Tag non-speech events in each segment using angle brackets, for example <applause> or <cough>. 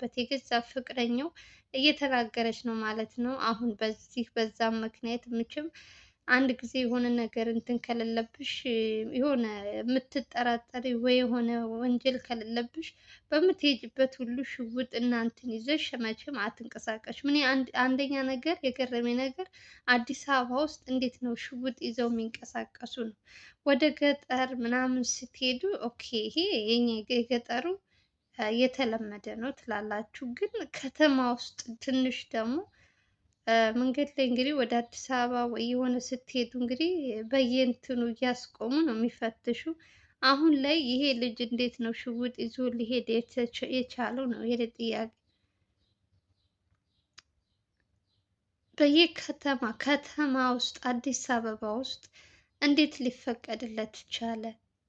በት የገዛ ፍቅረኛው እየተናገረች ነው ማለት ነው። አሁን በዚህ በዛም ምክንያት ምችም አንድ ጊዜ የሆነ ነገር እንትን ከሌለብሽ የሆነ የምትጠራጠሪ ወይ የሆነ ወንጀል ከሌለብሽ በምትሄጅበት ሁሉ ሽውጥ እናንትን ይዘሽ መቼም አትንቀሳቀሽ። ምን አንደኛ ነገር የገረሜ ነገር አዲስ አበባ ውስጥ እንዴት ነው ሽውጥ ይዘው የሚንቀሳቀሱ ነው? ወደ ገጠር ምናምን ስትሄዱ ኦኬ፣ ይሄ የገጠሩ የተለመደ ነው ትላላችሁ። ግን ከተማ ውስጥ ትንሽ ደግሞ መንገድ ላይ እንግዲህ ወደ አዲስ አበባ ወይ የሆነ ስትሄዱ እንግዲህ በየእንትኑ እያስቆሙ ነው የሚፈትሹ። አሁን ላይ ይሄ ልጅ እንዴት ነው ሽውጥ ይዞ ሊሄድ የቻለው ነው ይሄ ጥያቄ። በየከተማ ከተማ ውስጥ አዲስ አበባ ውስጥ እንዴት ሊፈቀድለት ቻለ?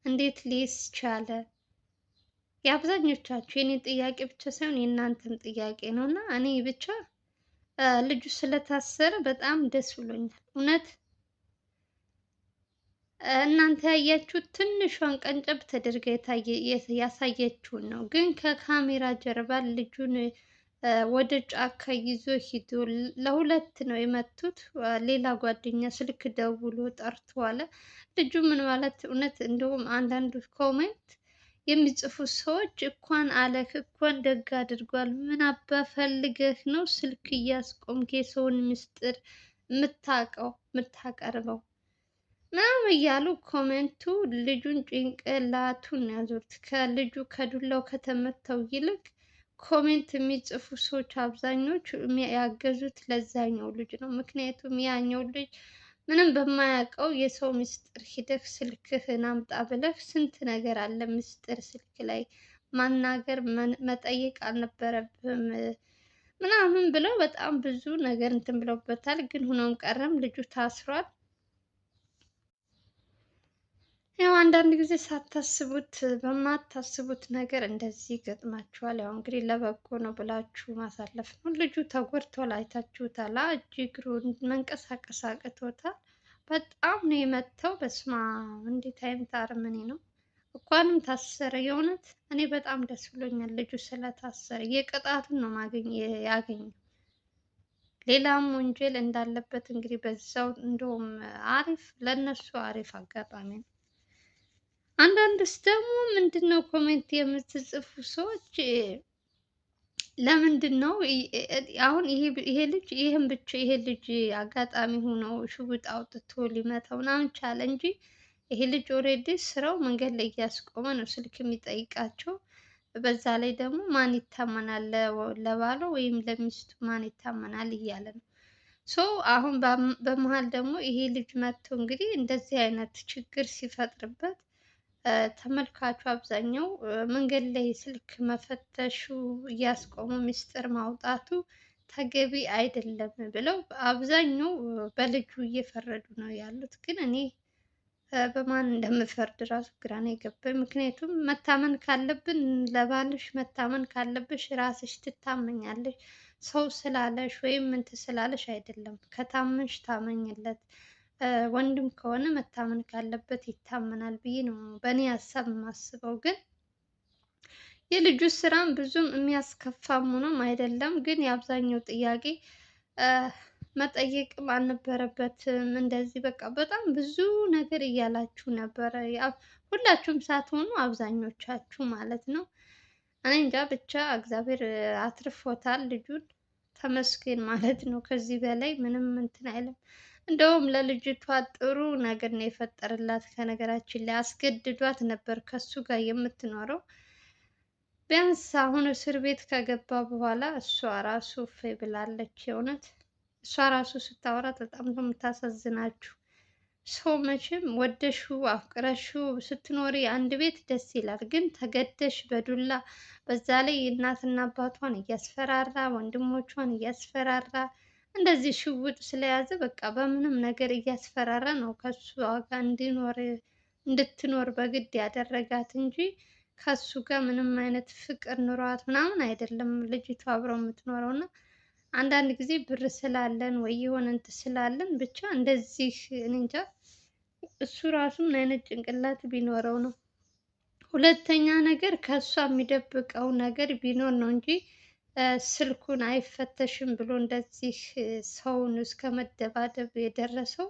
እንዴት ሊይዝ ቻለ? የአብዛኞቻችሁ የኔ ጥያቄ ብቻ ሳይሆን የእናንተም ጥያቄ ነው እና እኔ ብቻ ልጁ ስለታሰረ በጣም ደስ ብሎኛል። እውነት እናንተ ያያችሁ ትንሿን ቀንጨብ ተደርጋ ያሳየችውን ነው። ግን ከካሜራ ጀርባ ልጁን ወደ ጫካ ይዞ ሂዶ ለሁለት ነው የመቱት። ሌላ ጓደኛ ስልክ ደውሎ ጠርቶ አለ ልጁ ምን ማለት እውነት። እንደውም አንዳንዱ ኮሜንት የሚጽፉ ሰዎች እኳን አለህ እኳን ደግ አድርጓል። ምን አባ ፈልገህ ነው ስልክ እያስቆምክ የሰውን ምስጢር የምታውቀው የምታቀርበው ምናምን እያሉ ኮሜንቱ ልጁን ጭንቅላቱን ያዞሩት። ከልጁ ከዱላው ከተመታው ይልቅ ኮሜንት የሚጽፉ ሰዎች አብዛኞቹ ያገዙት ለዛኛው ልጅ ነው። ምክንያቱም ያኛው ልጅ ምንም በማያውቀው የሰው ምስጢር ሂደህ ስልክህን አምጣ ብለህ ስንት ነገር አለ ምስጢር ስልክ ላይ ማናገር መጠየቅ አልነበረብህም ምናምን ብለው በጣም ብዙ ነገር እንትን ብለውበታል። ግን ሆኖም ቀረም ልጁ ታስሯል። አንዳንድ ጊዜ ሳታስቡት በማታስቡት ነገር እንደዚህ ገጥማችኋል። ያው እንግዲህ ለበጎ ነው ብላችሁ ማሳለፍ ነው። ልጁ ተጎድቷል፣ አይታችሁታል። እጅ እግሩ መንቀሳቀስ አቅቶታል። በጣም ነው የመታው። በስማ እንዴት አይነት አረመኔ ነው! እንኳንም ታሰረ። የእውነት እኔ በጣም ደስ ብሎኛል ልጁ ስለታሰረ። የቅጣቱን ነው ያገኘው። ሌላም ወንጀል እንዳለበት እንግዲህ በዛው እንደውም አሪፍ ለእነሱ አሪፍ አጋጣሚ ነው። አንዳንድስ ደግሞ ምንድን ነው ኮሜንት የምትጽፉ ሰዎች ለምንድን ነው አሁን ይሄ ልጅ ይህም ብቻ ይሄ ልጅ አጋጣሚ ሆኖ ሽጉጥ አውጥቶ ሊመታው ምናምን ቻለ እንጂ ይሄ ልጅ ኦልሬዲ ስራው መንገድ ላይ እያስቆመ ነው ስልክ የሚጠይቃቸው። በዛ ላይ ደግሞ ማን ይታመናል ለባለው ወይም ለሚስቱ ማን ይታመናል እያለ ነው። ሶ አሁን በመሀል ደግሞ ይሄ ልጅ መጥቶ እንግዲህ እንደዚህ አይነት ችግር ሲፈጥርበት ተመልካቹ አብዛኛው መንገድ ላይ ስልክ መፈተሹ እያስቆሙ ምስጢር ማውጣቱ ተገቢ አይደለም ብለው አብዛኛው በልጁ እየፈረዱ ነው ያሉት። ግን እኔ በማን እንደምፈርድ ራሱ ግራ ነው የገባኝ። ምክንያቱም መታመን ካለብን ለባልሽ መታመን ካለብሽ ራስሽ ትታመኛለሽ። ሰው ስላለሽ ወይም ምንት ስላለሽ አይደለም። ከታመንሽ ታመኝለት ወንድም ከሆነ መታመን ካለበት ይታመናል ብዬ ነው በእኔ ሀሳብ የማስበው። ግን የልጁ ስራም ብዙም የሚያስከፋም ሆኖም አይደለም። ግን የአብዛኛው ጥያቄ መጠየቅም አልነበረበትም። እንደዚህ በቃ በጣም ብዙ ነገር እያላችሁ ነበረ። ሁላችሁም ሳትሆኑ አብዛኞቻችሁ ማለት ነው። እኔ እንጃ ብቻ እግዚአብሔር አትርፎታል ልጁን፣ ተመስገን ማለት ነው። ከዚህ በላይ ምንም እንትን አይልም። እንደውም ለልጅቷ ጥሩ ነገር ነው የፈጠረላት። ከነገራችን ላይ አስገድዷት ነበር ከሱ ጋር የምትኖረው። ቢያንስ አሁን እስር ቤት ከገባ በኋላ እሷ ራሱ ፌ ብላለች። የእውነት እሷ ራሱ ስታወራ በጣም ነው የምታሳዝናችሁ። ሰው መቼም ወደሹ አፍቅረሹ ስትኖሪ አንድ ቤት ደስ ይላል። ግን ተገደሽ በዱላ በዛ ላይ እናትና አባቷን እያስፈራራ ወንድሞቿን እያስፈራራ እንደዚህ ሽውጥ ስለያዘ በቃ በምንም ነገር እያስፈራረ ነው ከሱ ጋር እንዲኖር እንድትኖር በግድ ያደረጋት እንጂ ከሱ ጋር ምንም አይነት ፍቅር ኑሯት ምናምን አይደለም ልጅቷ አብረው የምትኖረው እና አንዳንድ ጊዜ ብር ስላለን ወይ የሆነ እንትን ስላለን ብቻ እንደዚህ እንጃ። እሱ ራሱ ምን አይነት ጭንቅላት ቢኖረው ነው? ሁለተኛ ነገር ከእሷ የሚደብቀው ነገር ቢኖር ነው እንጂ ስልኩን አይፈተሽም ብሎ እንደዚህ ሰውን እስከ መደባደብ የደረሰው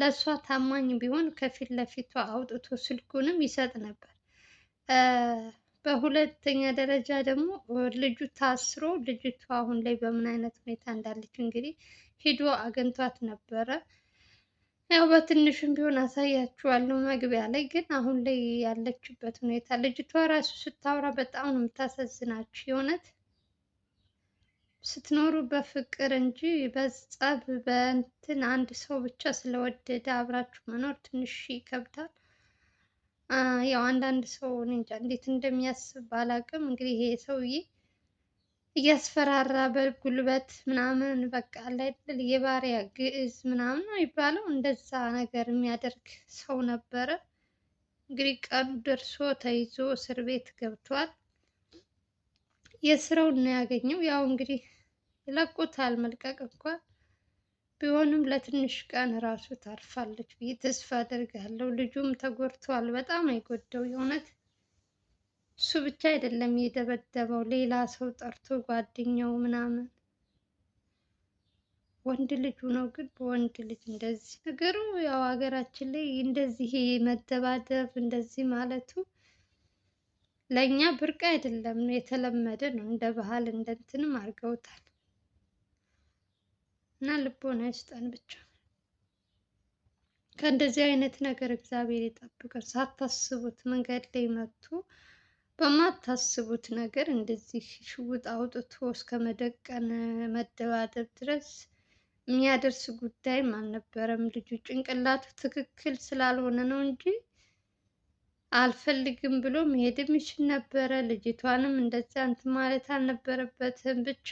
ለእሷ ታማኝ ቢሆን ከፊት ለፊቷ አውጥቶ ስልኩንም ይሰጥ ነበር። በሁለተኛ ደረጃ ደግሞ ልጁ ታስሮ ልጅቷ አሁን ላይ በምን አይነት ሁኔታ እንዳለች እንግዲህ ሂዶ አግኝቷት ነበረ። ያው በትንሹም ቢሆን አሳያችኋለሁ መግቢያ ላይ። ግን አሁን ላይ ያለችበት ሁኔታ ልጅቷ ራሱ ስታወራ በጣም ነው የምታሳዝናችሁ የእውነት ስትኖሩ በፍቅር እንጂ በጸብ በእንትን አንድ ሰው ብቻ ስለወደደ አብራችሁ መኖር ትንሽ ይከብዳል። ያው አንዳንድ ሰው እኔ እንጃ እንዴት እንደሚያስብ ባላቅም፣ እንግዲህ ይሄ ሰውዬ እያስፈራራ በጉልበት ምናምን በቃ አይደል የባሪያ ግዕዝ ምናምን ነው የሚባለው እንደዛ ነገር የሚያደርግ ሰው ነበረ። እንግዲህ ቀኑ ደርሶ ተይዞ እስር ቤት ገብቷል። የስራውን ነው ያገኘው። ያው እንግዲህ ይለቁታል መልቀቅ እንኳ ቢሆንም ለትንሽ ቀን ራሱ ታርፋለች ብዬ ተስፋ አደርጋለሁ። ልጁም ተጎድቷል። በጣም አይጎዳው የእውነት እሱ ብቻ አይደለም የደበደበው፣ ሌላ ሰው ጠርቶ ጓደኛው ምናምን ወንድ ልጁ ነው። ግን በወንድ ልጅ እንደዚህ ነገሩ ያው ሀገራችን ላይ እንደዚህ መደባደብ እንደዚህ ማለቱ ለእኛ ብርቅ አይደለም፣ የተለመደ ነው። እንደ ባህል እንደንትንም አድርገውታል። እና ልቦና ይስጠን ብቻ። ከእንደዚህ አይነት ነገር እግዚአብሔር ይጠብቀን። ሳታስቡት መንገድ ላይ መጥቶ በማታስቡት ነገር እንደዚህ ሽውጥ አውጥቶ እስከ መደቀን መደባደብ ድረስ የሚያደርስ ጉዳይም አልነበረም። ልጁ ጭንቅላቱ ትክክል ስላልሆነ ነው እንጂ አልፈልግም ብሎ መሄድም ይችል ነበረ። ልጅቷንም እንደዚያ እንትን ማለት አልነበረበትም ብቻ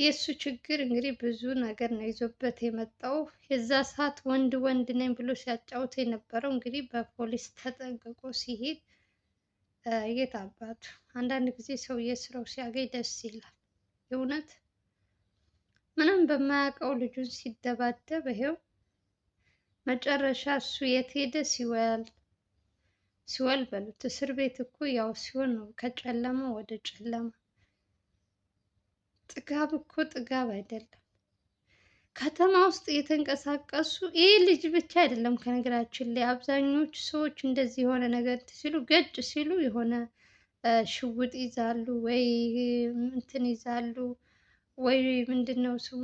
የእሱ ችግር እንግዲህ ብዙ ነገር ነው ይዞበት የመጣው። የዛ ሰዓት ወንድ ወንድ ነኝ ብሎ ሲያጫውት የነበረው እንግዲህ በፖሊስ ተጠንቅቆ ሲሄድ የት አባቱ። አንዳንድ ጊዜ ሰው የስራው ሲያገኝ ደስ ይላል። የእውነት ምንም በማያውቀው ልጁን ሲደባደብ ይሄው መጨረሻ እሱ የት ሄደ ሲወል ሲወል በሉት እስር ቤት እኮ ያው ሲሆን ነው ከጨለማ ወደ ጨለማ ጥጋብ እኮ ጥጋብ አይደለም። ከተማ ውስጥ እየተንቀሳቀሱ ይህ ልጅ ብቻ አይደለም። ከነገራችን ላይ አብዛኞቹ ሰዎች እንደዚህ የሆነ ነገር ሲሉ ገጭ ሲሉ የሆነ ሽውጥ ይዛሉ ወይ እንትን ይዛሉ ወይ ምንድን ነው ስሙ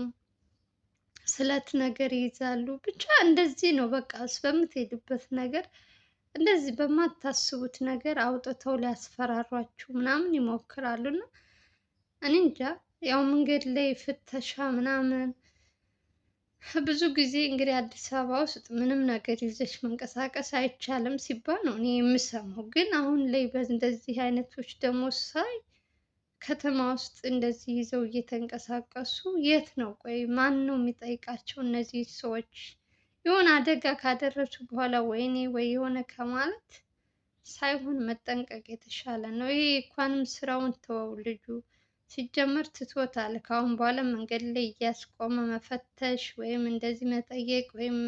ስለት ነገር ይይዛሉ። ብቻ እንደዚህ ነው በቃ በምትሄዱበት ነገር እንደዚህ በማታስቡት ነገር አውጥተው ሊያስፈራሯችሁ ምናምን ይሞክራሉና እኔ እንጃ ያው መንገድ ላይ ፍተሻ ምናምን ብዙ ጊዜ እንግዲህ አዲስ አበባ ውስጥ ምንም ነገር ይዘሽ መንቀሳቀስ አይቻልም ሲባል ነው እኔ የምሰማው። ግን አሁን ላይ እንደዚህ አይነቶች ደግሞ ሳይ ከተማ ውስጥ እንደዚህ ይዘው እየተንቀሳቀሱ የት ነው ቆይ ማን ነው የሚጠይቃቸው? እነዚህ ሰዎች የሆነ አደጋ ካደረሱ በኋላ ወይኔ ወይ የሆነ ከማለት ሳይሆን መጠንቀቅ የተሻለ ነው። ይሄ እንኳንም ስራውን ተወው ልጁ ሲጀመር ትቶታል። ከአሁን በኋላ መንገድ ላይ እያስቆመ መፈተሽ ወይም እንደዚህ መጠየቅ ወይም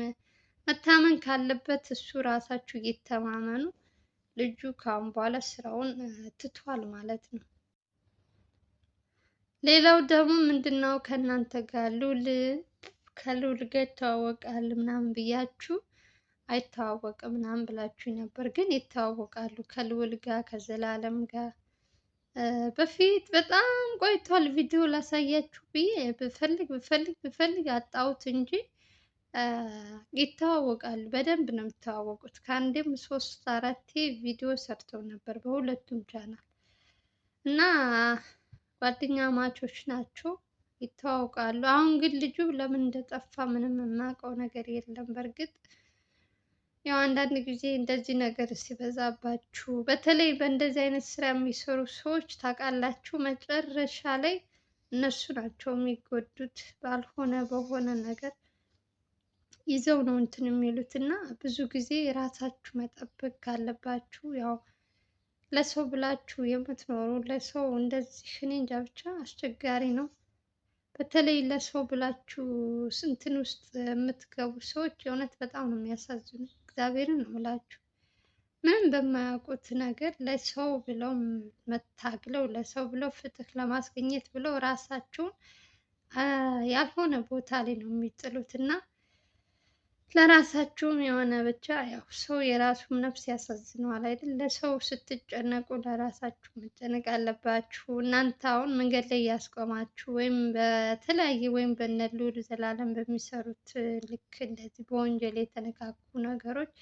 መታመን ካለበት እሱ ራሳችሁ እየተማመኑ ልጁ ከአሁን በኋላ ስራውን ትቷል ማለት ነው። ሌላው ደግሞ ምንድን ነው ከእናንተ ጋር ሉል ከሉል ጋር ይተዋወቃል ምናምን ብያችሁ አይተዋወቅም ምናምን ብላችሁ ነበር፣ ግን ይተዋወቃሉ ከልውል ጋር ከዘላለም ጋር በፊት በጣም ቆይቷል። ቪዲዮ ላሳያችሁ ብዬ ብፈልግ ብፈልግ ብፈልግ አጣሁት እንጂ ይተዋወቃሉ። በደንብ ነው የሚተዋወቁት። ከአንዴም ሶስት አራቴ ቪዲዮ ሰርተው ነበር በሁለቱም ቻናል እና ጓደኛ ማቾች ናቸው፣ ይተዋወቃሉ። አሁን ግን ልጁ ለምን እንደጠፋ ምንም የማውቀው ነገር የለም በእርግጥ ያው አንዳንድ ጊዜ እንደዚህ ነገር ሲበዛባችሁ በተለይ በእንደዚህ አይነት ስራ የሚሰሩ ሰዎች ታውቃላችሁ፣ መጨረሻ ላይ እነሱ ናቸው የሚጎዱት። ባልሆነ በሆነ ነገር ይዘው ነው እንትን የሚሉት እና ብዙ ጊዜ ራሳችሁ መጠበቅ ካለባችሁ ያው ለሰው ብላችሁ የምትኖሩ ለሰው እንደዚህ እኔ እንጃ ብቻ አስቸጋሪ ነው። በተለይ ለሰው ብላችሁ ስንትን ውስጥ የምትገቡ ሰዎች የእውነት በጣም ነው የሚያሳዝኑት። እግዚአብሔርን ሁላችሁ ምንም በማያውቁት ነገር ለሰው ብለው መታግለው ለሰው ብለው ፍትህ ለማስገኘት ብለው ራሳቸውን ያልሆነ ቦታ ላይ ነው የሚጥሉት እና ለራሳችሁም የሆነ ብቻ ያው ሰው የራሱም ነፍስ ያሳዝነዋል አይደል? ለሰው ስትጨነቁ ለራሳችሁ መጨነቅ አለባችሁ። እናንተ አሁን መንገድ ላይ እያስቆማችሁ ወይም በተለያየ ወይም በነልዑል ዘላለም በሚሰሩት ልክ እንደዚህ በወንጀል የተነካኩ ነገሮች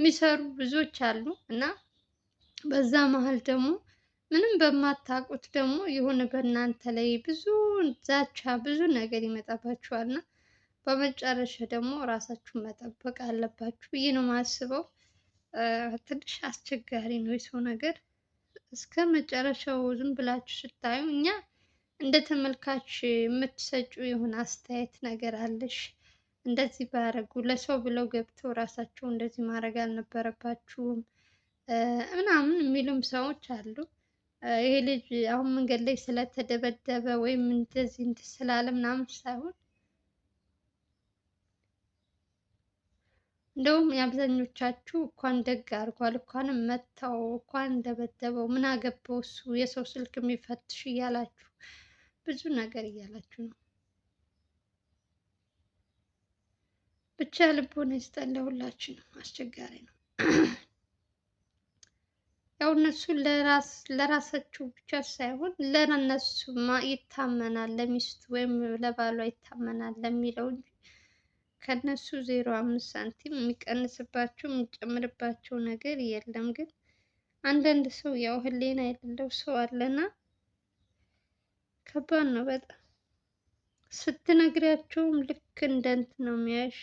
የሚሰሩ ብዙዎች አሉ እና በዛ መሀል ደግሞ ምንም በማታውቁት ደግሞ የሆነ በእናንተ ላይ ብዙ ዛቻ፣ ብዙ ነገር ይመጣባችኋል እና በመጨረሻ ደግሞ ራሳችሁን መጠበቅ አለባችሁ ብዬ ነው የማስበው። ትንሽ አስቸጋሪ ነው የሰው ነገር እስከ መጨረሻው ዝም ብላችሁ ስታዩ እኛ እንደ ተመልካች የምትሰጪው የሆነ አስተያየት ነገር አለሽ። እንደዚህ ባያደርጉ ለሰው ብለው ገብተው ራሳቸው እንደዚህ ማድረግ አልነበረባችሁም ምናምን የሚሉም ሰዎች አሉ። ይሄ ልጅ አሁን መንገድ ላይ ስለተደበደበ ወይም እንደዚህ ስላለ ምናምን ሳይሆን እንደውም የአብዛኞቻችሁ እንኳን ደግ አድርጓል፣ እንኳንም መታው፣ እንኳን እንደበደበው ምን አገባው እሱ የሰው ስልክ የሚፈትሽ እያላችሁ ብዙ ነገር እያላችሁ ነው። ብቻ ልቦና ይስጠን ለሁላችንም፣ አስቸጋሪ ነው። <clears throat> ያው እነሱ ለራሳቸው ብቻ ሳይሆን ለነሱ ይታመናል፣ ለሚስቱ ወይም ለባሏ ይታመናል ለሚለው እንጂ ከነሱ ዜሮ አምስት ሳንቲም የሚቀንስባቸው የሚጨምርባቸው ነገር የለም። ግን አንዳንድ ሰው ያው ህሊና የሌለው ሰው አለና ከባድ ነው በጣም ስትነግሪያቸውም ልክ እንደ እንትን ነው የሚያይሽ።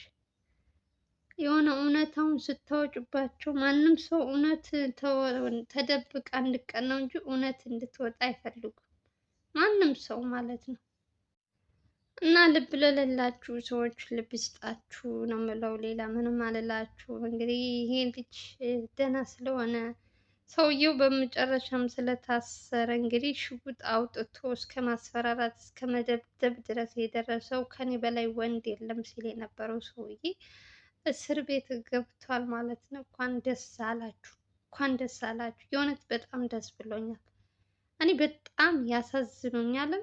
የሆነ እውነታውን ስታወጭባቸው ማንም ሰው እውነት ተደብቃ እንድቀን ነው እንጂ እውነት እንድትወጣ አይፈልጉም። ማንም ሰው ማለት ነው። እና ልብ ለሌላችሁ ሰዎች ልብ ይስጣችሁ ነው የምለው። ሌላ ምንም አልላችሁ። እንግዲህ ይሄ ልጅ ደህና ስለሆነ ሰውየው በመጨረሻም ስለታሰረ እንግዲህ ሽጉጥ አውጥቶ እስከ ማስፈራራት እስከ መደብደብ ድረስ የደረሰው ከኔ በላይ ወንድ የለም ሲል የነበረው ሰውዬ እስር ቤት ገብቷል ማለት ነው። እንኳን ደስ አላችሁ፣ እንኳን ደስ አላችሁ። የእውነት በጣም ደስ ብሎኛል። እኔ በጣም ያሳዝኑኛልም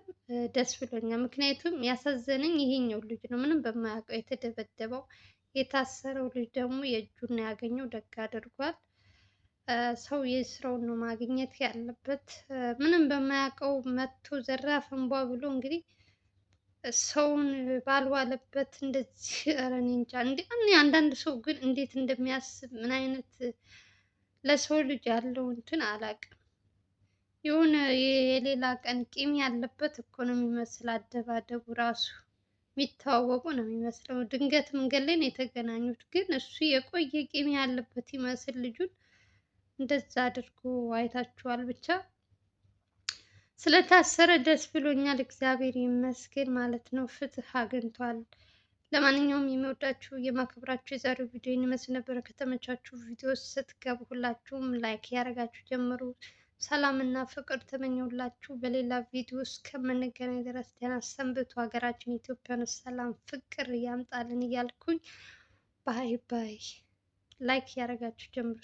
ደስ ብሎኛል። ምክንያቱም ያሳዘነኝ ይሄኛው ልጅ ነው፣ ምንም በማያውቀው የተደበደበው። የታሰረው ልጅ ደግሞ የእጁን ያገኘው ደግ አድርጓል። ሰው የስራውን ነው ማግኘት ያለበት። ምንም በማያውቀው መጥቶ ዘራፍ እንቧ ብሎ እንግዲህ ሰውን ባልዋለበት እንደዚህ <laughs> ኧረ እንጃ። እኔ አንዳንድ ሰው ግን እንዴት እንደሚያስብ ምን አይነት ለሰው ልጅ ያለው እንትን አላውቅም። የሆነ የሌላ ቀን ቂም ያለበት እኮ ነው የሚመስል አደባደቡ ራሱ የሚተዋወቁ ነው የሚመስለው። ድንገት መንገድ ላይ ነው የተገናኙት፣ ግን እሱ የቆየ ቂም ያለበት ይመስል ልጁን እንደዛ አድርጎ አይታችኋል። ብቻ ስለታሰረ ደስ ብሎኛል፣ እግዚአብሔር ይመስገን ማለት ነው። ፍትህ አግኝቷል። ለማንኛውም የሚወዳችሁ የማክብራችሁ የዛሬው ቪዲዮ ይመስል ነበረ። ከተመቻችሁ ቪዲዮ ስትገቡ ሁላችሁም ላይክ ያደረጋችሁ ጀምሩ። ሰላምና ፍቅር ተመኘሁላችሁ። በሌላ ቪዲዮ እስከምንገናኝ ድረስ ደህና ሰንብቱ። ሀገራችን ኢትዮጵያን ሰላም ፍቅር ያምጣልን እያልኩኝ ባይ ባይ። ላይክ ያደረጋችሁ ጀምሩ።